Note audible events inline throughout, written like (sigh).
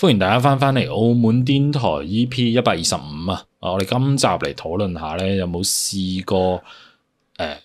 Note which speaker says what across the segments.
Speaker 1: 歡迎大家翻返嚟《澳門癲台 EP 一百二十五》啊！我哋今集嚟討論下咧，有冇試過誒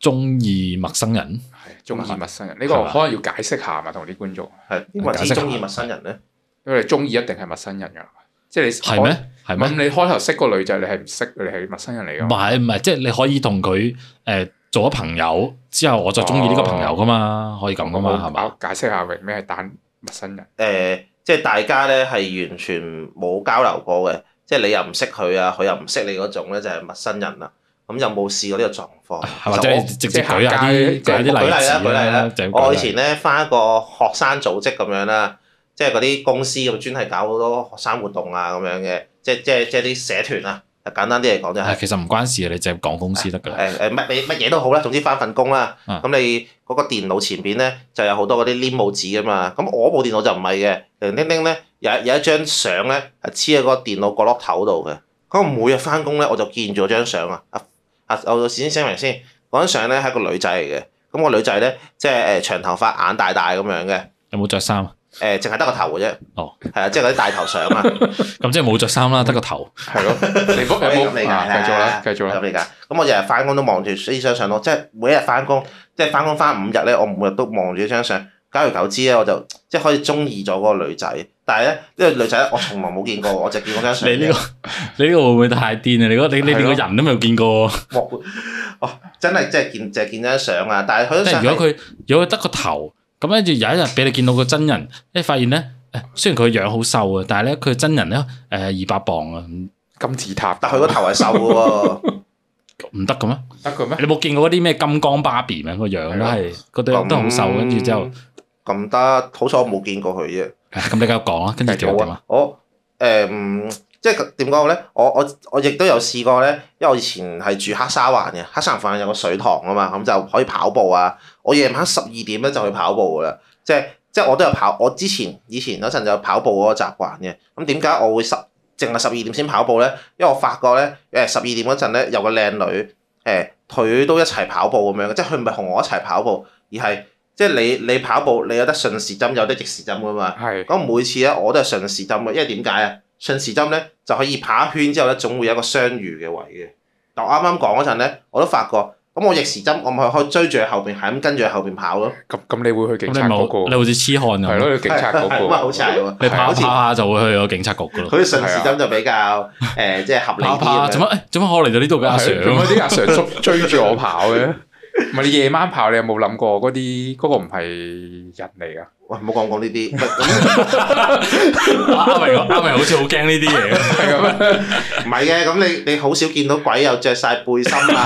Speaker 1: 中意陌生人？
Speaker 2: 係中意陌生人呢、呢個吧可能要解釋下，是要解釋下，咪同啲觀眾係點解只中意陌生人咧？因為中意一定係陌生人㗎，即係你係咩？係咩？你開頭識個女仔，你係唔識，你係陌生人嚟㗎，唔係唔
Speaker 1: 係，即係、就是、你可以同佢誒做咗朋友之後，我就
Speaker 2: 中意呢個朋友㗎嘛，哦、可以咁㗎嘛，係嘛？解釋下為咩係單陌生人誒？呃
Speaker 3: 即係大家咧係完全冇交流過嘅，即係你又唔識佢啊，佢又唔識你嗰種咧就係陌生人啦。咁有冇試過呢個狀況？係咪？我直接舉一下啲，舉例啦，舉例啦。我以前咧返一個學生組織咁樣啦，即係嗰啲公司咁，專係搞好多學生活動啊咁樣嘅，即係即係即係啲社團啊。簡單啲嚟講就係、是、
Speaker 1: 其實唔關事嘅，你淨係講公司得㗎啦。誒誒、哎，乜、
Speaker 3: 呃、你乜嘢都好啦，總之翻份工啦。咁、啊、你嗰個電腦前邊咧就有好多嗰啲黏紙㗎嘛。咁我部電腦就唔係嘅，零零丁丁咧，咧，咧呢有有一張相咧黐喺個電腦角落頭度嘅。咁我每日翻工咧我就見咗張相啊！啊啊，我、啊、我先聲明先，嗰張相咧係一個女仔嚟嘅。咁個女仔咧即係誒長頭髮、眼大大咁樣嘅。
Speaker 1: 有冇着衫？
Speaker 3: 誒，淨係得個頭嘅啫，哦，係啊，即係嗰啲大頭相啊，
Speaker 1: 咁即係冇着衫啦，得個頭，係咯，你冇咁
Speaker 3: 你噶，繼續啦，繼續啦，咁你噶，咁我日日翻工都望住呢張相咯，即係每一日翻工，即係翻工翻五日咧，我每日都望住呢張相，久而久之咧，我就即係開始中意咗嗰個女仔，但係咧，呢個女仔我從來冇見過，我就見過嗰張相。你呢個，
Speaker 1: 你呢個會唔會太癲啊？你個你你連個人都冇見過，
Speaker 3: 我，哦，真係即係見，淨係見張相啊！但係佢都，即係如果佢，
Speaker 1: 如果佢得個頭。咁跟住有一日俾你見到個真人，你發現咧，誒，雖然佢個樣好瘦啊，但係咧佢真人咧，誒，二百磅啊，金字塔。但係佢個頭係瘦喎，唔得咁咩？得嘅咩？你冇見過嗰啲咩金剛芭比咩？個樣都係，個對都好瘦，跟住之後
Speaker 3: 咁得。好彩我冇見過佢啫。咁你繼續講
Speaker 1: 啦，跟住做點啊？
Speaker 3: 哦誒。即係點講咧？我我我亦都有試過咧，因為我以前係住黑沙環嘅，黑沙環有個水塘啊嘛，咁就可以跑步啊。我夜晚十二點咧就去跑步噶啦，即係即係我都有跑。我之前以前嗰陣就有跑步嗰個習慣嘅。咁點解我會十淨係十二點先跑步咧？因為我發覺咧，誒十二點嗰陣咧有個靚女，誒、欸、佢都一齊跑步咁樣嘅，即係佢唔係同我一齊跑步，而係即係你你跑步你有得順時針有得逆時針噶嘛。係的。咁每次咧我都係順時針嘅，因為點解啊？順時針咧，就可以跑一圈之後咧，總會有一個相遇嘅位嘅。但我啱啱講嗰陣咧，我都發覺，咁我逆時針，我咪可以追住佢後邊，係咁跟住佢後邊跑咯。咁咁、嗯嗯、你會去警察嗰個？你好似痴漢咁。係咯對，對去警察嗰個。咁咪好賊
Speaker 1: 喎！對你跑下就會去個警察局噶咯。佢似順時針
Speaker 2: 就比較誒、呃，即係合理啲。跑下做乜？做乜可能就呢度嘅阿 Sir？啲、啊、阿 Sir 追住我跑嘅？ (laughs) 唔係你夜晚跑，你有冇諗過嗰啲嗰個唔係人嚟㗎？喂，冇講過呢啲。阿明阿明好似好驚呢啲嘢，係咁。唔係嘅，咁你你好
Speaker 3: 少見到鬼又着晒背心啊？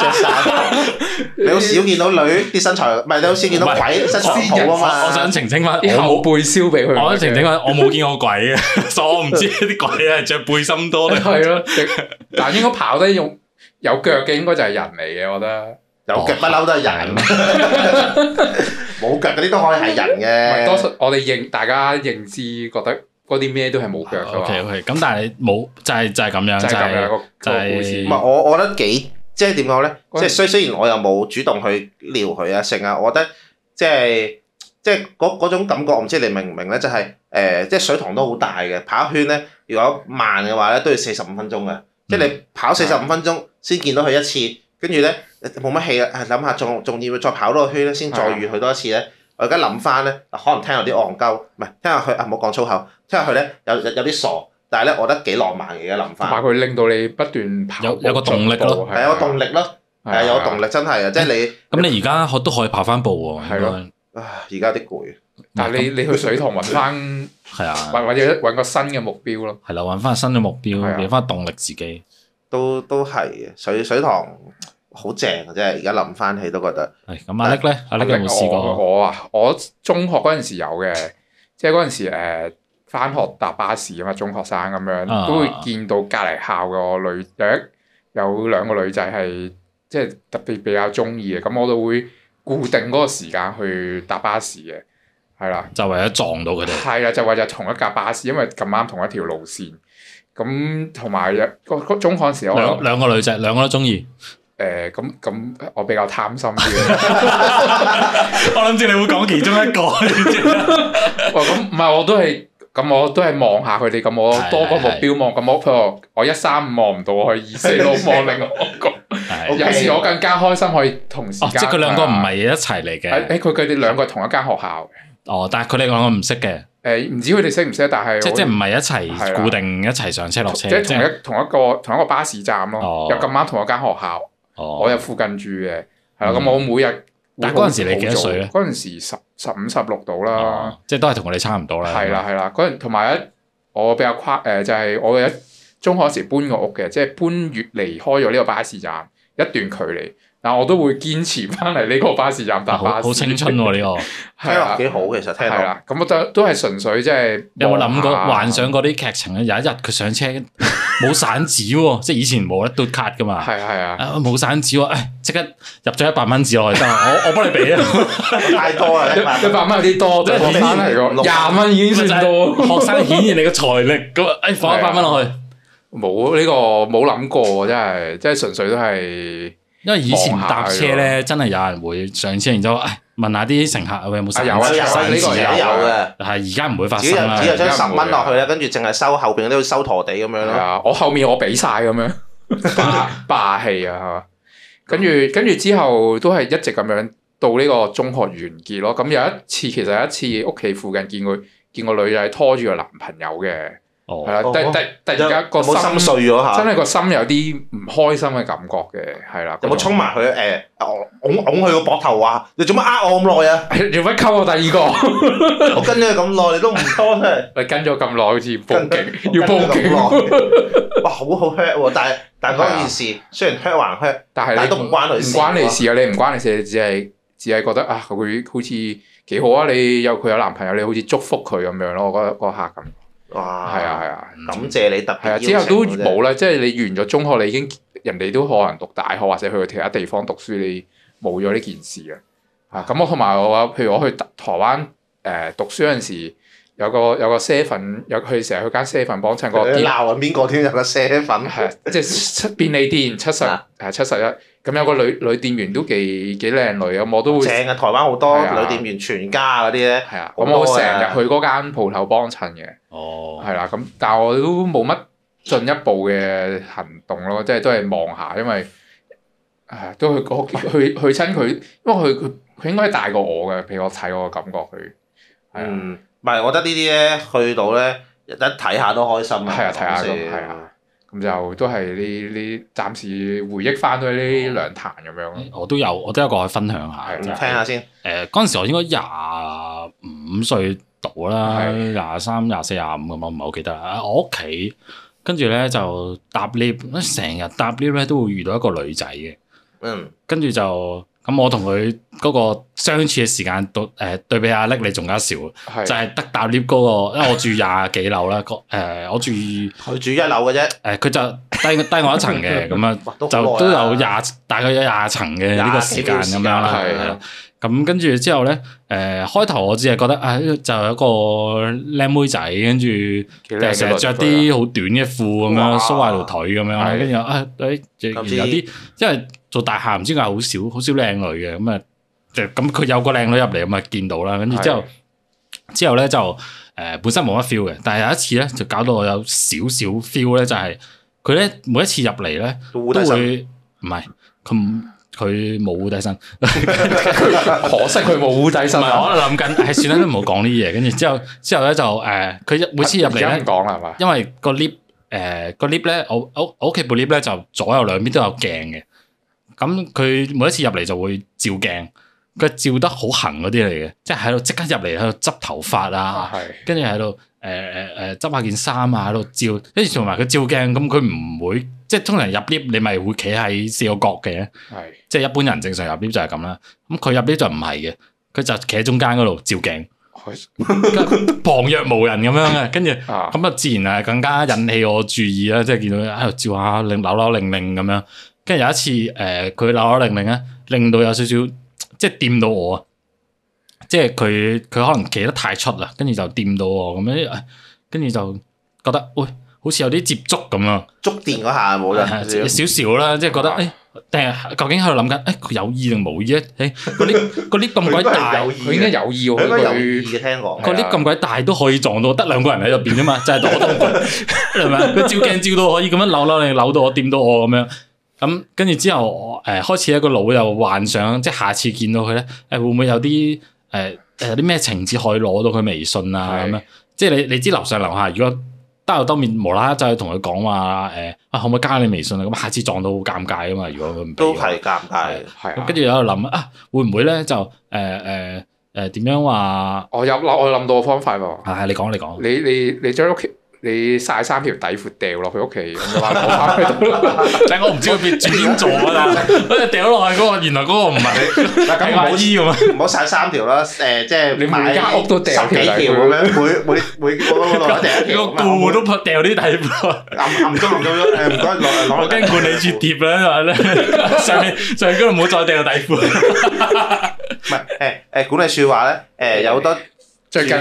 Speaker 3: 着晒，你好少見到女啲身材，唔係你好少見到鬼身材好啊嘛？我想澄清翻啲後背燒俾佢。我想澄清
Speaker 2: 翻，我冇見過鬼嘅，所以我唔知啲鬼係着背心多咧。係咯，但係應該跑得用有腳嘅，應該就係人嚟嘅，我覺得。有腳不嬲都係人，冇 (laughs) (laughs) 腳嗰啲都可以係人嘅。多數我哋認大家認知覺得嗰啲咩都係冇腳嘅 OK 咁但係你冇就係、是、就係、是、咁樣，就係個故事。唔係、就是、我
Speaker 3: 我覺得幾即係點講咧？即係雖雖然我又冇主動去撩佢啊，成啊，我覺得即係即係嗰種感覺，我唔知你明唔明咧？就係、是、誒、呃，即係水塘都好大嘅，跑一圈咧，如果慢嘅話咧，都要四十五分鐘嘅。即係、嗯、你跑四十五分鐘先見到佢一次。跟住咧冇乜氣啦，諗下仲仲要再跑多個圈咧，先再遇佢多一次咧。我而家諗翻咧，可能聽有啲戇鳩，唔係聽下佢啊，唔好講粗口，聽下佢咧有有啲傻，但係咧我覺得幾浪漫嘅諗法。
Speaker 2: 怕佢令到你不斷跑，有個動力咯，係
Speaker 3: 有動力咯，係有動力真係嘅，即係你。
Speaker 2: 咁你而家可
Speaker 1: 都可以跑翻步喎，應
Speaker 2: 該。啊，而家啲
Speaker 1: 攰。但係你你去水塘揾翻，
Speaker 3: 係啊，
Speaker 2: 或者揾個新嘅目標咯。
Speaker 3: 係啦，揾翻新嘅目標，變翻動力自己。
Speaker 2: 都都係
Speaker 3: 水水塘好正嘅啫。而家諗返起都覺得。係咁、
Speaker 1: 哎，阿力咧，哎、阿力有冇試過？
Speaker 2: 我啊，我中學嗰陣時有嘅，即係嗰陣時誒，返、呃、學搭巴士啊嘛，中學生咁樣，都會見到隔離校個女有一有兩個女仔係即係特別比較中意嘅，咁我都會固定嗰個時間去搭巴士嘅，係啦，就為咗撞到佢哋。係啦，就為咗同一架巴士，因為咁啱同一條路線。咁同埋個個中學時候，兩兩個女仔，兩個都中意。誒，咁咁我比較貪心啲，
Speaker 1: 我諗住
Speaker 2: 你會講其中一個。咁唔係我都係咁，我都係望下佢哋咁，我多個目標望咁，我我一三五望唔到，我去二四六望另外一個。有時我更加開心可以同時間。即係佢兩個唔係一齊嚟嘅。誒，佢佢哋兩個同一間學校嘅。哦，但係佢哋兩個唔識嘅。誒，唔知佢哋識唔識，但係即即唔係一齊固定一齊上車落車，即同一同一個同一個巴士站咯，又咁啱同一間學校，我又附近住嘅，係啦。咁我每日，但嗰陣時你幾多歲咧？嗰陣時十十五十六度啦，即係都係同我哋差唔多啦。係啦係啦，嗰陣同埋一我比較誇，誒就係我一中學嗰時搬個屋嘅，即係搬越離開咗呢個巴士站一段距離。我都會堅持翻嚟呢個巴士站搭巴士。好青春喎呢個，聽落幾好其實。係啦，咁我都都係純粹，即係有冇諗過幻
Speaker 1: 想嗰啲劇情咧？有一日佢上車冇散紙喎，即係以前冇得嘟卡噶嘛。係啊係啊，冇散紙，誒即刻入咗一百蚊紙落去，得，我
Speaker 2: 我幫
Speaker 3: 你俾啊。太多啦，一百蚊有啲多，即係學生嚟個，廿蚊已經算
Speaker 2: 到學生顯現你嘅財力，咁誒放一百蚊落去。冇，呢個冇諗過，真係即係純粹都係。因為以前搭車咧，看看
Speaker 1: 真係有人會上車，然之後問下啲乘客有冇收錢，呢個有嘅、啊。係而家唔會發生
Speaker 2: 啦。只有只將十蚊落去啦，跟住淨係收後邊都要收陀地咁樣咯。係啊，我後面我俾晒咁樣， (laughs) (laughs) 霸霸氣啊，係嘛？跟住跟住之後都係一直咁樣到呢個中學完結咯。咁有一次，其實有一次屋企附近見佢見個女仔拖住個男朋友嘅。係啦，突突突然間個心碎咗下真係個心有啲唔開心嘅感覺嘅，係啦。有冇衝埋佢誒？拱拱佢個膊頭話：你做乜呃我咁耐啊？做乜溝我第二個？我跟咗咁耐，你都唔溝真係。你跟咗咁耐，好似要報警，要報警。哇！好好 hurt，但係但係嗰件事雖然 hurt，還 hurt，但係你都唔關你事。唔關你事啊！你唔關你事，你只係只係覺得啊，佢好似幾好啊！你有佢有男朋友，你好似祝福佢咁樣咯。我覺得嗰刻咁。哇！係啊係啊，感謝你特別係啊，之後都冇啦。即係你完咗中學，你已經人哋都可能讀大學或者去其他地方讀書，你冇咗呢件事、嗯、啊。嚇！咁我同埋我話譬如我去台灣誒、呃、讀書嗰陣時。有個 7, 有個 seven，有佢成日去間 seven 幫襯個店。鬧係邊個添？有個 seven 係即係七便利店七十係七十一。咁 (laughs) 有個女女店員都幾幾靚女咁，我都會正啊！台灣好多女的店員，全家嗰啲咧。係啊的，我成日去嗰間鋪頭幫襯嘅。哦。係啦，咁但係我都冇乜進一步嘅行動咯，即係都係望下，因為係都去去去親佢，因為佢佢佢應該係大過我嘅，譬如我睇我嘅感覺佢係啊。唔係，我覺得呢啲咧，去到咧
Speaker 3: 一睇下都開心啊！睇下
Speaker 2: 咁就都係呢啲暫時回憶翻嗰呢兩壇咁樣、嗯、我都有，我都有個去分享下。咁、啊啊、聽
Speaker 1: 下先。誒、呃，嗰陣時我應該廿五歲到啦，廿三、廿四、廿五咁，我唔係好記得啦。我屋企跟住咧就搭 lift，成日搭 lift 咧都會遇到一個女仔嘅。嗯。跟住就。咁我同佢嗰個相處嘅時間對、誒、對比阿叻你仲加少，就係得搭 lift 嗰個，因為我住廿幾樓咧，誒我住佢住一樓嘅啫，誒佢就低低我一層嘅，咁啊就都有廿大概有廿層嘅呢個時間咁樣啦。咁跟住之後咧，誒開頭我只係覺得啊，就有一個靚妹仔，跟住又成日着啲好短嘅褲咁樣，縮下條腿咁樣，跟住啊誒，有啲因為。做大廈唔知點解好少好少靚女嘅咁啊，就咁佢有個靚女入嚟咁啊，見到啦，跟住之後之後咧是的 就誒、呃、本身冇乜 feel 嘅，但係有一次咧就搞到我有少少 feel 咧，就係佢咧每一次入嚟咧都會唔係佢佢冇污底身，
Speaker 2: 可惜佢冇污底身。 (laughs) 我諗緊，
Speaker 1: 係，算啦，都唔好講呢啲嘢。跟住之後之後咧就誒，佢、呃、每次入嚟咧講係嘛，因為個 lift 誒個 lift 咧，我我我屋企部 lift 咧就左右兩邊都有鏡嘅。 (laughs) (laughs) 咁佢每一次入嚟就會照鏡，佢照得好行嗰啲嚟嘅，即係喺度即刻入嚟喺度執頭髮啊，跟住喺度誒誒誒執下件衫啊，喺度、呃呃啊、照。跟住同埋佢照鏡，咁佢唔會即係通常入 lift 你咪會企喺四個角嘅，是即係一般人正常入 lift 就係咁啦。咁佢入 lift 就唔係嘅，佢就企喺中間嗰度照鏡， (laughs) 旁若無人咁樣嘅。跟住咁啊，就自然係更加引起我注意啦，即係見到佢喺度照下扭扭擰擰咁樣。跟住有一次，誒、呃、佢扭扭令令咧，令到有少少即係掂到我，即係佢佢可能企得太出啦，跟住就掂到我咁樣，跟住就覺得喂，好似有啲接觸咁啊！觸電嗰下冇啦，少少啦，即係覺得誒，定係究竟喺度諗緊誒？佢、哎、有意定冇意咧？誒、哎，嗰啲啲咁
Speaker 3: 鬼大，佢應該有意喎，應該有意嘅。聽講嗰啲咁
Speaker 1: 鬼大都可以撞到，得兩個人喺入邊啫嘛，就係躲到佢係佢照鏡照到可以咁樣扭扭你扭到我掂到我咁樣。咁跟住之後，我、呃、誒開始一個腦又幻想，即係下次見到佢咧，誒會唔會有啲誒誒啲咩情節可以攞到佢微信啊？咁樣是，即係你你知樓上樓下，如果得又兜面，無啦啦就去同佢講話誒，啊可唔可以加你微信啊？咁下次撞到好尷尬噶嘛，如果佢唔都係尷尬，係啊。咁跟住有喺度諗啊，會唔會咧就
Speaker 2: 誒誒誒點樣話？我有諗，我諗到個方法喎吧、啊。你講你講，你你你將屋企。你曬三條底褲掉落去屋企咁嘅話，
Speaker 3: 就我唔知佢變轉邊點做啊！但係掉落去嗰個原來嗰個唔係嗱，咁唔好唔好曬三條啦。誒，即係你每間屋都掉幾條咁樣，每每每嗰個落去掉一條，
Speaker 1: 個顧戶都怕掉啲底褲。冧冧咗
Speaker 3: 冧咗誒，唔該，落落我驚管理處貼啦，係咪咧？上面上面
Speaker 1: 嗰度唔好再掉底
Speaker 3: 褲。唔係誒誒，管理處話咧誒，有好多最近。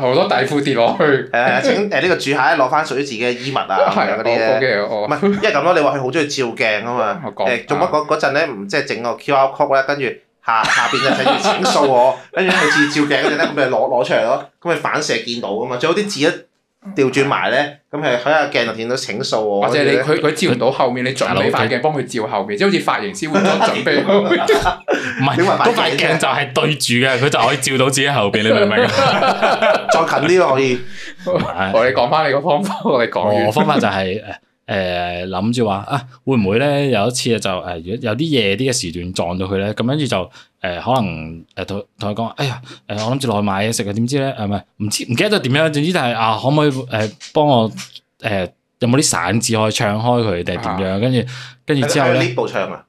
Speaker 3: 好多底褲跌落去、呃。誒請誒呢、呃這個住客攞翻屬於自己嘅衣物啊，嗰啲咧。唔係，因為咁咯，你話佢好中意照鏡啊嘛。做乜嗰陣咧唔即係整個 QR code 咧，跟住下下邊就寫住請掃我，跟住好似照鏡嗰陣咧，咁咪攞攞出嚟咯，咁咪反射見到啊嘛。最好啲字一調轉埋咧。 (laughs) 咁係喺阿鏡度見到整數喎，或者你佢佢照唔到後面，你準備塊
Speaker 2: 鏡幫佢照後面，即係好似髮型師咁樣準備。唔係，嗰塊鏡就係對住嘅，佢就可以照到自己後面，你明唔明？
Speaker 3: 再近啲可以。
Speaker 2: 我哋講翻你個方法，我哋講完。我方法就係
Speaker 1: 誒。誒諗住話啊，會唔會咧有一次咧就誒、呃，有啲夜啲嘅時段撞到佢咧，咁跟住就誒、呃、可能誒同同佢講，哎呀誒我諗住落去買嘢食啊，點、嗯、知咧係咪唔知唔記得咗點樣？總之就係啊，可唔可以誒、呃、幫我誒、呃、有冇啲散紙可以唱開佢定點樣？跟住跟住之後咧，呢部唱啊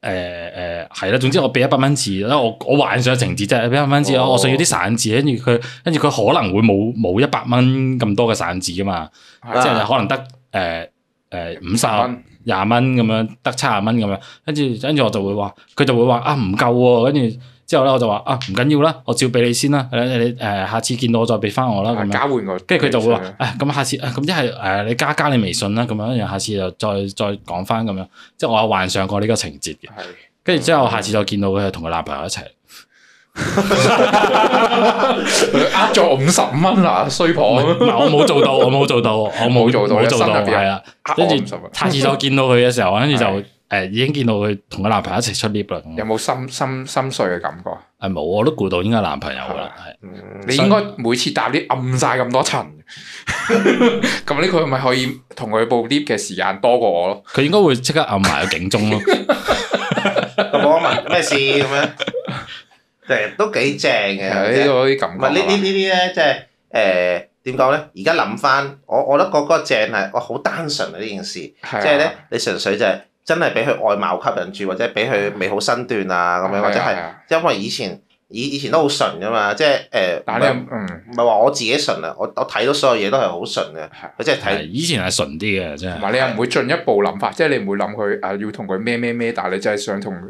Speaker 1: 誒誒係啦，總之我俾一百蚊紙啦，我我幻想情節啫，俾、哦、一百蚊紙我想要啲散紙，跟住佢跟住佢可能會冇冇一百蚊咁多嘅散紙噶嘛，即係可能得。誒誒五十蚊、廿蚊咁樣得七廿蚊咁樣，跟住跟住我就會話，佢就會話啊唔夠喎，跟住之後咧我就話啊唔緊要啦，我照俾你先啦，你誒下次見到我再俾翻我啦，咁樣交換跟住佢就會話啊咁下次啊咁一係誒你加加你微信啦，咁樣又下次就再再講翻咁樣，即係我有幻想過呢個情節嘅，跟住之後下次再見到佢係同佢男朋友一齊。
Speaker 2: 呃咗五十蚊啊，衰婆！嗱，我冇做到，我冇做到，我冇做到，冇做到，係啦。跟住差廁所見到佢嘅時候，跟住就誒，已經見到佢同個男朋友一齊出 lift 啦。有冇心心心碎嘅感覺啊？誒，冇，我都估到應該係男朋友啦。係，
Speaker 1: 你應該
Speaker 2: 每次搭 lift 暗晒咁多層，咁呢？佢咪可以同佢報 lift 嘅時間多過我咯？佢應該會即刻暗埋個警鐘咯。咁我問咩事咁樣？
Speaker 3: 都幾正嘅，嗰啲嗰啲感覺。呢啲呢啲咧，即係誒點講咧？而家諗翻，我我覺得嗰個正係我好單純啊呢件事，即係咧，你純粹就係真係俾佢外貌吸引住，或者俾佢美好身段啊咁樣，或者係因為以前以以前都好純噶嘛，即係誒。但係你唔唔係話我自己純啊？我我睇
Speaker 2: 到所有嘢都係好純嘅，佢即係睇。以前係純啲嘅真係。唔係你又唔會進一步諗法，即係你唔會諗佢啊要同佢咩咩咩，但係你真係想同佢。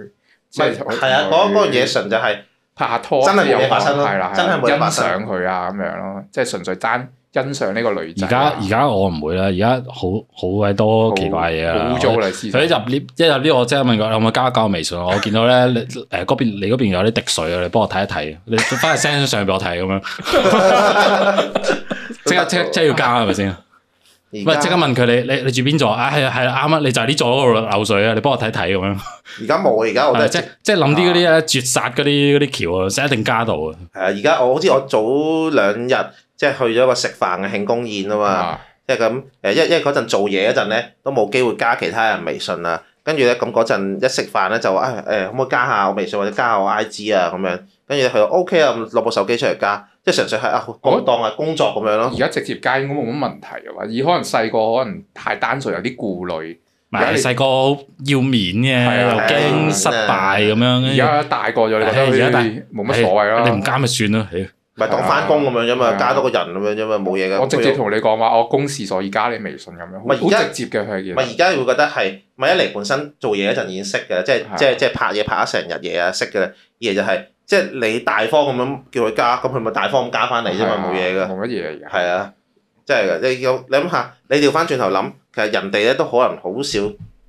Speaker 2: 唔係係啊！嗰嗰個嘢純就係。拍下拖真係有嘢發生了，真係啦，欣賞佢啊咁樣咯，即、就、係、是、純粹爭欣賞呢個女
Speaker 1: 仔。而家而家我唔會啦，而家好好鬼多奇怪嘢啦。好早啦，所以入呢一入呢，我即刻問佢，你可唔可以加加我微信？ (laughs) 我見到咧，你嗰、呃、邊你嗰邊有啲滴水啊，你幫我睇一睇，你翻去 send 相俾我睇咁樣，即 (laughs) (laughs) (laughs) 刻即刻即要加係咪先？ (laughs) (laughs) 唔即刻問佢你你你住邊座？啊係啊，係啊，啱啊！你就係呢座嗰度漏水啊！你幫我睇睇咁樣。
Speaker 3: 而家冇，啊、就是，而家我都即
Speaker 1: 即諗啲嗰啲啊絕殺嗰啲
Speaker 3: 啲橋啊，成一定加到啊！係啊！而家我好似我早兩日即係去咗個食飯嘅慶功宴啊嘛，即係咁誒，因為因為嗰陣做嘢嗰陣咧都冇機會加其他人微信啊，跟住咧咁嗰陣一食飯咧就話誒誒，可唔可以加下我微信或者加下我 IG 啊咁樣？跟住佢 OK 啊，攞部手機出嚟加。即係純粹係啊，我當係工作咁樣咯。而家
Speaker 2: 直接加應該冇乜問題嘅嘛。而可能細個可能太單純有啲顧慮，唔係細
Speaker 1: 個要面嘅，又驚失敗咁樣。而家大個咗，你覺得冇乜所謂咯。你唔加咪算咯，咪當翻工
Speaker 3: 咁樣啫嘛，加多個人咁樣啫嘛，冇嘢嘅。我直接同你講話，我公事所以加你微信咁樣，好直接嘅係。而家會覺得係咪一嚟本身做嘢嗰陣已經識嘅，即係即係即係拍嘢拍咗成日嘢啊，識嘅。二嚟就係。即係你大方咁樣叫佢加，咁佢咪大方咁加翻嚟啫嘛，冇嘢㗎。同乜嘢㗎？係啊，即係、啊、你你諗下，你調翻轉頭諗，其實人哋咧都可能好少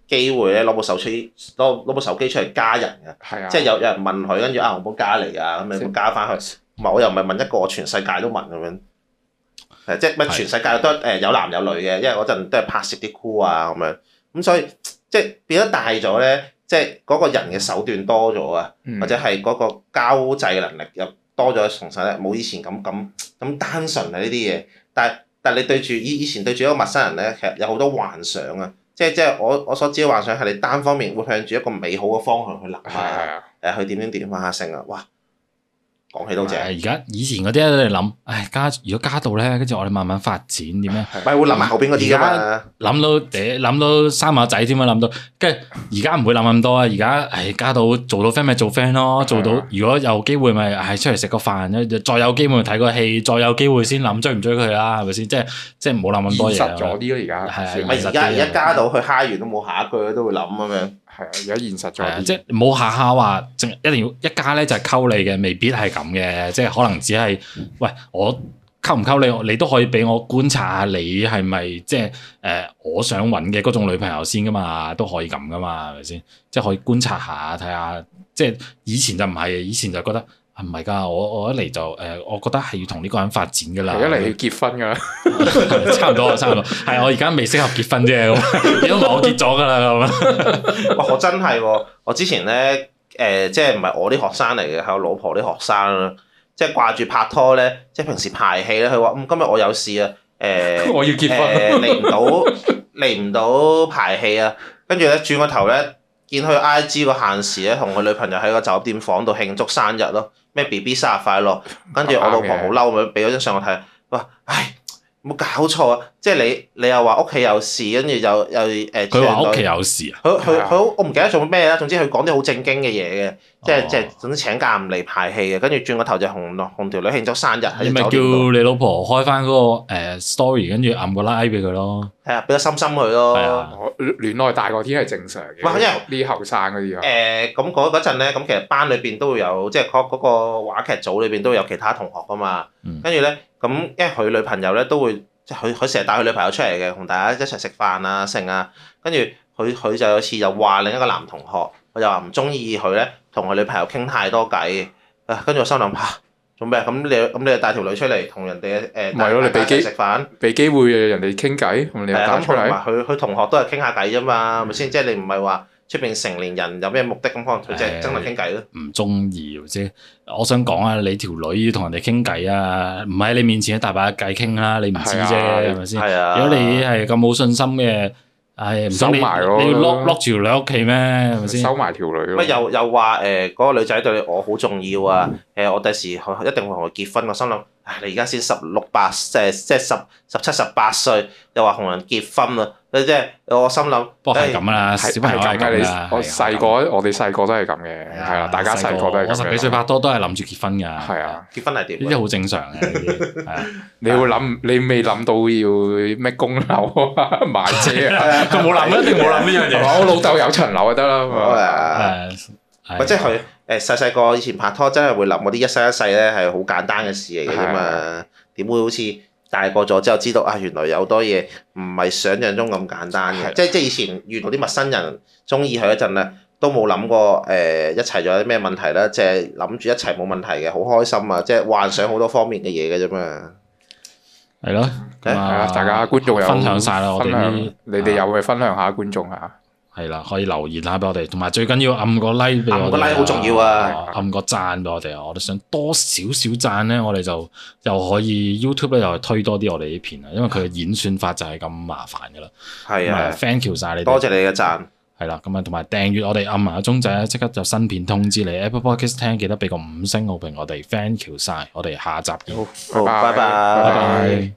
Speaker 3: 機會咧攞部手機攞攞部手機出嚟加人㗎。啊、即係有有人問佢，跟住啊，我幫加你啊，咁樣加翻佢。唔係的，我又唔係問一個全世界都問咁樣。即係乜？全世界都誒有男有女嘅，因為嗰陣都係拍攝啲箍啊咁樣。咁所以即係變咗大咗咧。即係嗰個人嘅手段多咗啊，嗯、或者係嗰個交際能力又多咗，從實咧冇以前咁咁咁單純啊呢啲嘢。但係但係你對住以以前對住一個陌生人咧，其實有好多幻想啊，即係即係我我所知嘅幻想係你單方面會向住一個美好嘅方向去諗下，誒的、啊、去點樣點樣下成啊，哇！講
Speaker 1: 起都正，而家以前嗰啲咧諗，唉、哎、加如果加到咧，跟住我哋慢慢發展點樣？唔係會諗
Speaker 3: 埋後邊嗰啲噶嘛？
Speaker 1: 諗到嗲，諗到生埋仔添啊，諗到，跟住而家唔會諗咁多啊。而家唉加到做到 friend 咪做 friend 咯，做到， (laughs) 做到如果有機會咪、就、係、是哎、出嚟食個飯，再有機會睇個戲，再有機會先諗追唔追佢啦，係咪先？即係即係唔好諗咁多嘢、啊。現實咗啲咯，而家
Speaker 3: 係咪？而家而家加到去 hi 完都冇下一句，佢都會諗咁樣。 (laughs) 係啊，而家現實在、嗯，
Speaker 1: 即係冇下下話，淨一定要一家咧就係溝你嘅，未必係咁嘅，即係可能只係，喂，我溝唔溝你，你都可以俾我觀察下你，你係咪即係誒、呃，我想搵嘅嗰種女朋友先㗎嘛，都可以咁㗎嘛，係咪先？即係可以觀察下，睇下，即係以前就唔係，以前就覺得。唔係噶，我我一嚟就誒，我覺得係要同呢個人發展噶啦。而家嚟要結婚噶 (laughs) ，
Speaker 3: 差唔多差唔多。係 (laughs) 我而家未適合結婚啫，如果 (laughs) 我結咗噶啦咁啊。我真係喎、啊，我之前咧誒、呃，即係唔係我啲學生嚟嘅，係我老婆啲學生咯。即係掛住拍拖咧，即係平時排戲咧。佢話：嗯，今日我有事啊，誒、呃， (laughs) 我要結婚、呃，嚟唔到嚟唔到排戲啊。跟住咧轉個頭咧，見佢 I G 個限時咧，同佢女朋友喺個酒店房度慶，慶祝生日咯。咩 B B 生日快樂，跟住我老婆好嬲，咁樣俾咗張相我睇，話，唉冇搞錯啊！即係你，你又話屋企有事，跟住就又誒，佢話屋企有事啊！佢佢佢，我唔記得做咩啦。總之佢講啲好正經嘅嘢嘅，即係即係，總之請假唔嚟排戲嘅，跟住轉個頭就紅紅條女慶祝生日，你咪叫
Speaker 1: 你老婆開翻嗰個 story，跟住暗個 like 俾佢咯。
Speaker 3: 係啊，比較心心佢咯。係啊，戀愛大過天係正常嘅。哇！因為啲後生嗰啲啊。誒，咁嗰陣咧，咁其實班裏邊都會有，即係嗰嗰個話劇組裏邊都會有其他同學噶嘛。嗯。跟住咧，咁因為佢女朋友咧都會。即係佢，佢成日帶佢女朋友出嚟嘅，同大家一齊食飯啊、剩啊。跟住佢，佢就有次就話另一個男同學，佢就話唔中意佢咧，同佢女朋友傾太多偈。啊，跟住我心諗吓，做咩？咁你咁你帶條女出嚟，同人哋唔誒帶大家食飯，
Speaker 2: 俾機會人哋傾偈，同你又打出來？佢
Speaker 3: 同佢同學都係傾下偈啫嘛，咪先、嗯？即係你唔係話。出邊成年人有咩目的？咁可能佢即係真係真係傾偈咯，唔
Speaker 1: 中意啫。我想講啊，你條女要同人哋傾偈啊，唔喺你面前大把偈傾啦，你唔知啫，係咪先？
Speaker 3: 係係啊，如果你
Speaker 1: 係咁冇信心嘅，唔、哎、收埋咯，你要 lock lock 住條女屋企咩？係咪先？係係收埋條女。乜又
Speaker 3: 又話誒嗰個女仔對我好重要啊？誒、嗯呃，我第時一定會同佢結婚。我心諗。你而家先十六八，即係即係十十七十八歲，又話同人結婚啦。即係我心諗，不過係咁啦，小朋友係咁噶啦。我
Speaker 2: 細個，我哋細個都係咁嘅，係啦，大家細個都係咁。我十幾歲拍多都係諗住結婚噶，係啊，結婚係點？呢啲好正常嘅，係啊。你會諗，你未諗到要咩供樓啊、買車啊，就冇諗，一定冇諗呢樣嘢。我老豆有層樓就得啦，誒，或者誒細細個以前拍拖
Speaker 3: 真係會諗嗰啲一生一世咧，係好簡單嘅事嚟嘅嘛，點是的 會好似大個咗之後知道啊，原來有好多嘢唔係想像中咁簡單嘅。是的 即即以前遇到啲陌生人中意佢一陣咧，都冇諗過誒、欸、一齊有啲咩問題啦，即係諗住一齊冇問題嘅，好開心啊，即係幻想好多方面嘅嘢嘅啫嘛。
Speaker 2: 係咯、啊欸，大家觀眾又分享曬啦，你哋又會分享，分享下的觀眾啊。
Speaker 1: 係啦，可以留言下俾我哋，同埋最緊要暗個 like 俾我哋，暗個 like 好重要啊，暗個讚俾我哋，啊。我哋想多少少讚咧，我哋就又可以 YouTube 咧又推多啲我哋呢片啊，因為佢嘅演算法就係咁麻煩噶啦。
Speaker 3: 係啊，thank
Speaker 1: you 曬你，多謝你嘅讚。係啦，咁啊，同埋訂閱我哋暗埋鐘仔咧，即刻就新片通知你。Apple Podcast 聽記得俾個五星好評我哋，thank you 曬，好我哋下集見，好，拜、oh, 拜。